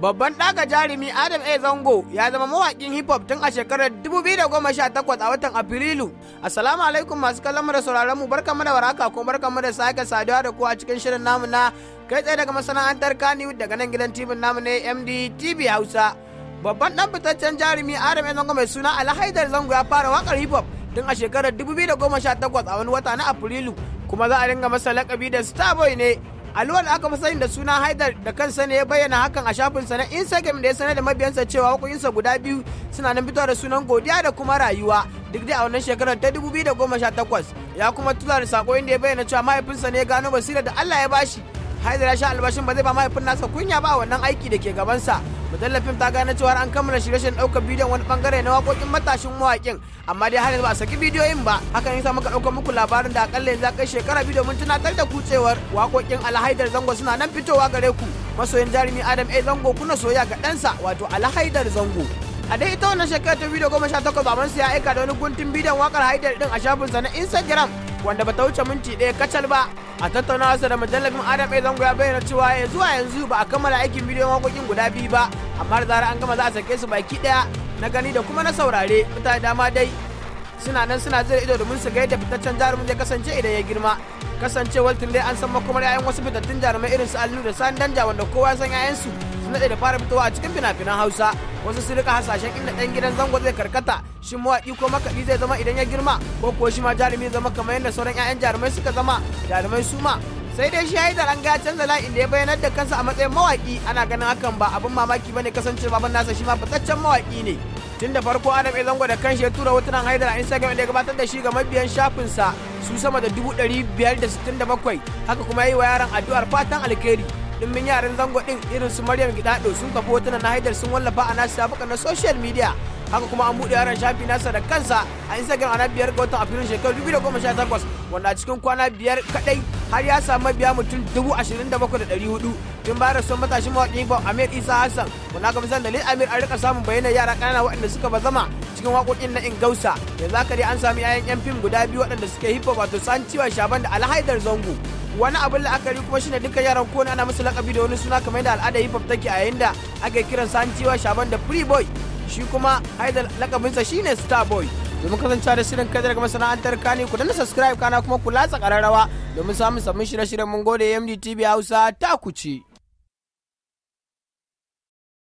Babban ɗaga jarumi Adam A. Zango ya zama mawaƙin hip hop tun a shekarar 2018 a watan Afrilu. Assalamu alaikum masu kallon mu da sauraron mu mu da waraka ko barka mu da sake saduwa da ku a cikin shirin namu na kai tsaye daga masana'antar Kannywood daga nan gidan TV namu ne MD TV Hausa. Babban ɗan fitaccen jarumi Adam A. Zango mai suna Alhaidar Zango ya fara waƙar hip hop tun a shekarar 2018 a wani wata na Afrilu kuma za a dinga masa lakabi da Starboy ne. Aliwal aka fi sani da suna Haidar da kansa ne ya bayyana hakan a shafinsa na Instagram da ya sanar da mabiyansa cewa sa guda biyu suna nan fitowa da sunan godiya da kuma rayuwa duk dai a wannan shekarar ta 2018 ya kuma tura da sako inda ya bayyana cewa mahaifinsa ne ya gano basira da Allah ya bashi haidar ya sha albashin ba zai ba mahaifin nasa kunya ba wannan aiki da ke gabansa mujallafin ta gane cewa an kammala shirye-shiryen ɗaukar bidiyon wani bangare na wakokin matashin mawaƙin amma dai har ba a saki bidiyoyin ba hakan yasa muka ɗaukar muku labarin da akalla yanzu kai shekara biyu domin tunatar da kucewar waƙoƙin alhaidar zango suna nan fitowa gare ku masoyin jarumi adam a zango kuna soya ga ɗansa wato alhaidar zango a dai ita wannan shekarar ta bidiyo goma sha takwas babansa ya aika da wani guntun bidiyon wakar haidar din a shafinsa na instagram wanda bata wuce minti ɗaya kacal ba a tattaunawarsa da mujallabin adam a zango ya bayyana cewa ya zuwa yanzu ba a kammala aikin bidiyon waƙoƙin guda biyu ba amma da zarar an gama za a sake su baki ɗaya na gani da kuma na saurare mutane dama dai suna nan suna zira ido domin su ga yadda fitaccen jarumin ya kasance idan ya girma kasancewar dai an san makomar 'ya'yan wasu fitattun jarumai irin su alilu da sani danja wanda kowa san su sun da fara fitowa a cikin fina-finan hausa wasu sun rika hasashen inda dan gidan zango zai karkata shi mawaƙi ko makaɗi zai zama idan ya girma ko ko shi ma jarumi zama kamar yadda sauran 'ya'yan jarumai suka zama jarumai su ma sai dai shi yi an ga canza layin da ya bayyana da kansa a matsayin mawaƙi ana ganin hakan ba abin mamaki bane kasancewa baban nasa shi ma fitaccen mawaƙi ne tun da farko adam ya zango da kanshi ya tura hotunan haidar a instagram da ya gabatar da shi ga mabiyan shafinsa su sama da 567 haka kuma yi wa yaran addu'ar fatan alkhairi dimbin yaran zango din irin su maryam gidado sun kafa hotuna na haidar sun wallafa a nasu shafukan na social media haka kuma an buɗe yaran shafi nasa da kansa a instagram ana biyar ga watan afrilun shekaru 2018 wanda a cikin kwana biyar kadai har ya samu biya mutum 27,400 tun da son matashin mawaƙin ba Amir Isa Hassan kuna ga misan dalil Amir a rika samun bayanan yara ƙanana waɗanda suka zama cikin waƙoƙin na Ingausa yanzu haka dai an sami 'ya'yan 'yan fim guda biyu waɗanda suke hip hop wato Santiwa Shaban da Alhaidar Zango wani abin la'akari kuma shine duka yaran ko ana musu lakabi da wani suna kamar da al'ada hip hop take a yayin da ake kiran Santiwa Shaban da Free Boy shi kuma haidar lakabinsa shine Star Boy domin kasancewa da shirin kai daga masana'antar kani ku danna subscribe kana kuma ku latsa kararrawa domin samun sabbin shirye-shiryen mun gode MDTV Hausa ta kuce.